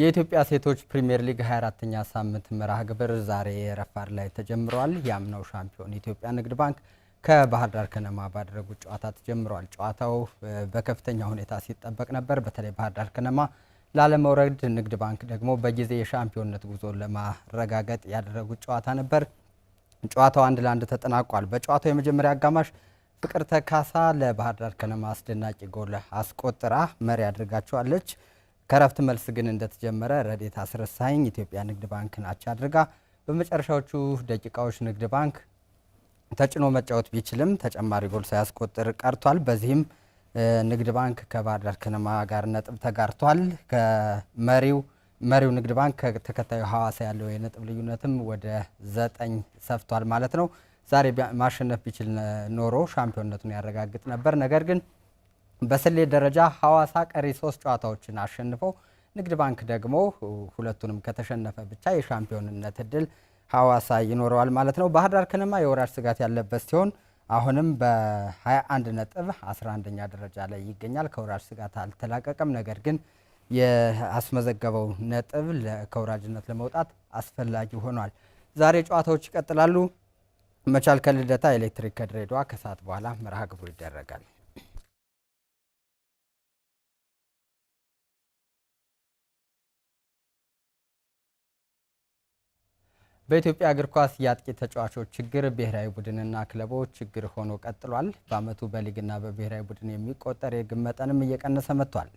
የኢትዮጵያ ሴቶች ፕሪምየር ሊግ 24ኛ ሳምንት መርሃ ግብር ዛሬ ረፋድ ላይ ተጀምረዋል። የአምናው ሻምፒዮን የኢትዮጵያ ንግድ ባንክ ከባህር ዳር ከነማ ባደረጉት ጨዋታ ተጀምረዋል። ጨዋታው በከፍተኛ ሁኔታ ሲጠበቅ ነበር። በተለይ ባህር ዳር ከነማ ላለመውረድ፣ ንግድ ባንክ ደግሞ በጊዜ የሻምፒዮንነት ጉዞ ለማረጋገጥ ያደረጉት ጨዋታ ነበር። ጨዋታው አንድ ለአንድ ተጠናቋል። በጨዋታው የመጀመሪያ አጋማሽ ፍቅርተ ካሳ ለባህር ዳር ከነማ አስደናቂ ጎል አስቆጥራ መሪ አድርጋቸዋለች። ከረፍት መልስ ግን እንደተጀመረ ረዴት አስረሳኝ ኢትዮጵያ ንግድ ባንክን አቻ አድርጋ በመጨረሻዎቹ ደቂቃዎች ንግድ ባንክ ተጭኖ መጫወት ቢችልም ተጨማሪ ጎል ሳያስቆጥር ቀርቷል። በዚህም ንግድ ባንክ ከባህር ዳር ከነማ ጋር ነጥብ ተጋርቷል። ከመሪው መሪው ንግድ ባንክ ከተከታዩ ሐዋሳ ያለው የነጥብ ልዩነትም ወደ ዘጠኝ ሰፍቷል ማለት ነው። ዛሬ ማሸነፍ ቢችል ኖሮ ሻምፒዮንነቱን ያረጋግጥ ነበር። ነገር ግን በስሌት ደረጃ ሐዋሳ ቀሪ ሶስት ጨዋታዎችን አሸንፎ ንግድ ባንክ ደግሞ ሁለቱንም ከተሸነፈ ብቻ የሻምፒዮንነት እድል ሐዋሳ ይኖረዋል ማለት ነው። ባህር ዳር ከነማ የወራጅ ስጋት ያለበት ሲሆን አሁንም በ21 ነጥብ 11ኛ ደረጃ ላይ ይገኛል። ከወራጅ ስጋት አልተላቀቀም። ነገር ግን የአስመዘገበው ነጥብ ከወራጅነት ለመውጣት አስፈላጊ ሆኗል። ዛሬ ጨዋታዎች ይቀጥላሉ። መቻል ከልደታ፣ ኤሌክትሪክ ከድሬዳዋ ከሰዓት በኋላ መርሃ ግብሩ ይደረጋል። በኢትዮጵያ እግር ኳስ የአጥቂ ተጫዋቾች ችግር ብሔራዊ ቡድንና ክለቦች ችግር ሆኖ ቀጥሏል። በዓመቱ በሊግና በብሔራዊ ቡድን የሚቆጠር የግብ መጠንም እየቀነሰ መጥቷል።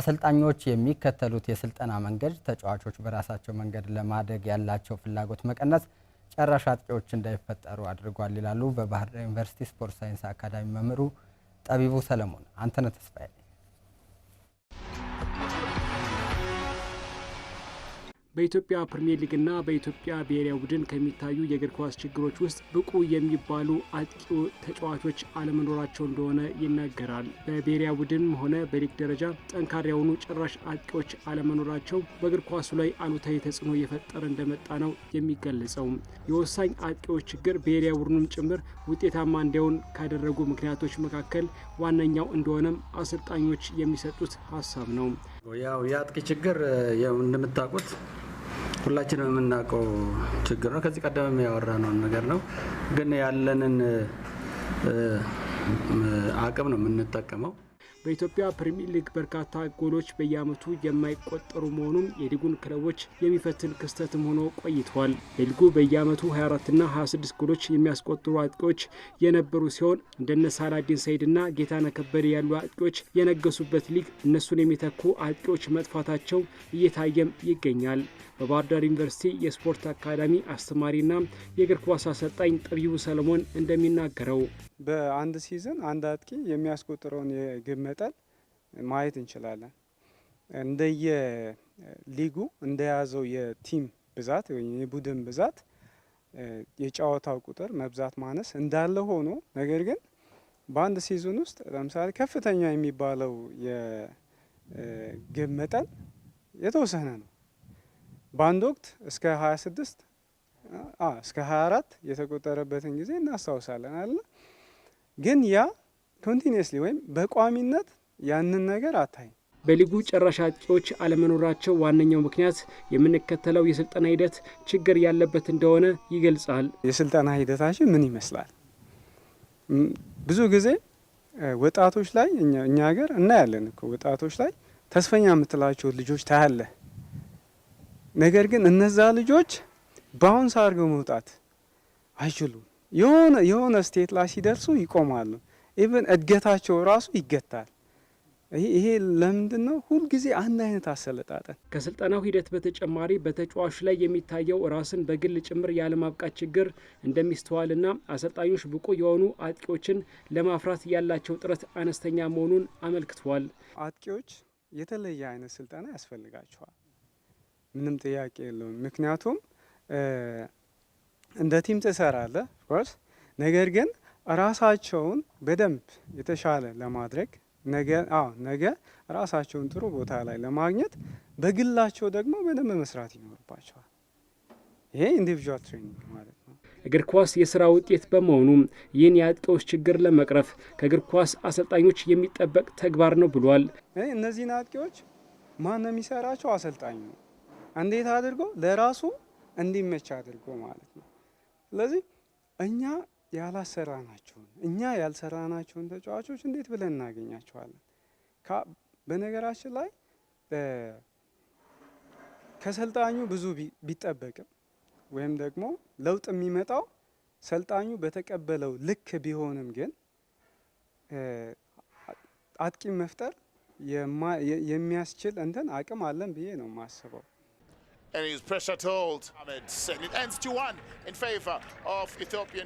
አሰልጣኞች የሚከተሉት የስልጠና መንገድ ተጫዋቾች በራሳቸው መንገድ ለማደግ ያላቸው ፍላጎት መቀነስ ጨራሽ አጥቂዎች እንዳይፈጠሩ አድርጓል ይላሉ በባህር ዳር ዩኒቨርሲቲ ስፖርት ሳይንስ አካዳሚ መምህሩ ጠቢቡ ሰለሞን አንተነህ ተስፋዬ በኢትዮጵያ ፕሪምየር ሊግና በኢትዮጵያ ብሔራዊ ቡድን ከሚታዩ የእግር ኳስ ችግሮች ውስጥ ብቁ የሚባሉ አጥቂ ተጫዋቾች አለመኖራቸው እንደሆነ ይነገራል በብሔራዊ ቡድንም ሆነ በሊግ ደረጃ ጠንካራ የሆኑ ጭራሽ አጥቂዎች አለመኖራቸው በእግር ኳሱ ላይ አሉታዊ ተጽዕኖ እየፈጠረ እንደመጣ ነው የሚገለጸው። የወሳኝ አጥቂዎች ችግር ብሔራዊ ቡድኑም ጭምር ውጤታማ እንዲሆን ካደረጉ ምክንያቶች መካከል ዋነኛው እንደሆነም አሰልጣኞች የሚሰጡት ሀሳብ ነው። ያው የአጥቂ ችግር እንደምታውቁት ሁላችንም የምናውቀው ችግር ነው። ከዚህ ቀደም ያወራነውን ነገር ነው። ግን ያለንን አቅም ነው የምንጠቀመው። በኢትዮጵያ ፕሪሚየር ሊግ በርካታ ጎሎች በየዓመቱ የማይቆጠሩ መሆኑም የሊጉን ክለቦች የሚፈትን ክስተትም ሆኖ ቆይተዋል። በሊጉ በየዓመቱ 24ና 26 ጎሎች የሚያስቆጥሩ አጥቂዎች የነበሩ ሲሆን እንደነ ሳላዲን ሰይድና ጌታ ከበደ ያሉ አጥቂዎች የነገሱበት ሊግ እነሱን የሚተኩ አጥቂዎች መጥፋታቸው እየታየም ይገኛል። በባህር ዳር ዩኒቨርሲቲ የስፖርት አካዳሚ አስተማሪና የእግር ኳስ አሰልጣኝ ጥሪቡ ሰለሞን እንደሚናገረው በአንድ ሲዝን አንድ አጥቂ የሚያስቆጥረውን የግብ መጠን ማየት እንችላለን። እንደየ ሊጉ እንደያዘው የቲም ብዛት ወይም የቡድን ብዛት የጨዋታው ቁጥር መብዛት ማነስ እንዳለ ሆኖ ነገር ግን በአንድ ሲዝን ውስጥ ለምሳሌ ከፍተኛ የሚባለው የግብ መጠን የተወሰነ ነው። በአንድ ወቅት እስከ 26 እስከ 24 የተቆጠረበትን ጊዜ እናስታውሳለን አለ ግን ያ ኮንቲኒስሊ ወይም በቋሚነት ያንን ነገር አታይም። በሊጉ ጨራሽ አጥቂዎች አለመኖራቸው ዋነኛው ምክንያት የምንከተለው የስልጠና ሂደት ችግር ያለበት እንደሆነ ይገልጻል። የስልጠና ሂደታችን ምን ይመስላል? ብዙ ጊዜ ወጣቶች ላይ እኛ ሀገር እናያለን እኮ ወጣቶች ላይ ተስፈኛ የምትላቸው ልጆች ታያለ። ነገር ግን እነዛ ልጆች ባውንስ አድርገው መውጣት አይችሉም። የሆነ የሆነ ስቴት ላይ ሲደርሱ ይቆማሉ። ኢቨን እድገታቸው ራሱ ይገታል። ይሄ ለምንድን ነው ሁልጊዜ አንድ አይነት አሰለጣጠን? ከስልጠናው ሂደት በተጨማሪ በተጫዋች ላይ የሚታየው ራስን በግል ጭምር ያለማብቃት ችግር እንደሚስተዋልና አሰልጣኞች ብቁ የሆኑ አጥቂዎችን ለማፍራት ያላቸው ጥረት አነስተኛ መሆኑን አመልክቷል። አጥቂዎች የተለየ አይነት ስልጠና ያስፈልጋቸዋል፣ ምንም ጥያቄ የለውም። ምክንያቱም እንደ ቲም ትሰራለህ፣ ነገር ግን ራሳቸውን በደንብ የተሻለ ለማድረግ ነገ ነገ ራሳቸውን ጥሩ ቦታ ላይ ለማግኘት በግላቸው ደግሞ በደንብ መስራት ይኖርባቸዋል። ይሄ ኢንዲቪዥዋል ትሬኒንግ ማለት ነው። እግር ኳስ የስራ ውጤት በመሆኑ ይህን የአጥቂዎች ችግር ለመቅረፍ ከእግር ኳስ አሰልጣኞች የሚጠበቅ ተግባር ነው ብሏል። እነዚህን አጥቂዎች ማን የሚሰራቸው? አሰልጣኝ ነው። እንዴት አድርጎ ለራሱ እንዲመች አድርጎ ማለት ነው። ስለዚህ እኛ ያላሰራናቸውን እኛ ያልሰራናቸውን ተጫዋቾች እንዴት ብለን እናገኛቸዋለን? በነገራችን ላይ ከሰልጣኙ ብዙ ቢጠበቅም ወይም ደግሞ ለውጥ የሚመጣው ሰልጣኙ በተቀበለው ልክ ቢሆንም ግን አጥቂ መፍጠር የሚያስችል እንትን አቅም አለን ብዬ ነው የማስበው። And his pressure told. It ends 2-1 in favor of Ethiopian